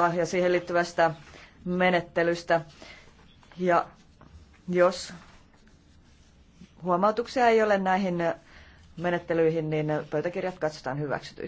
haittaa ja siihen liittyvästä menettelystä. Ja jos huomautuksia ei ole näihin menettelyihin, niin pöytäkirjat katsotaan hyväksytyiksi.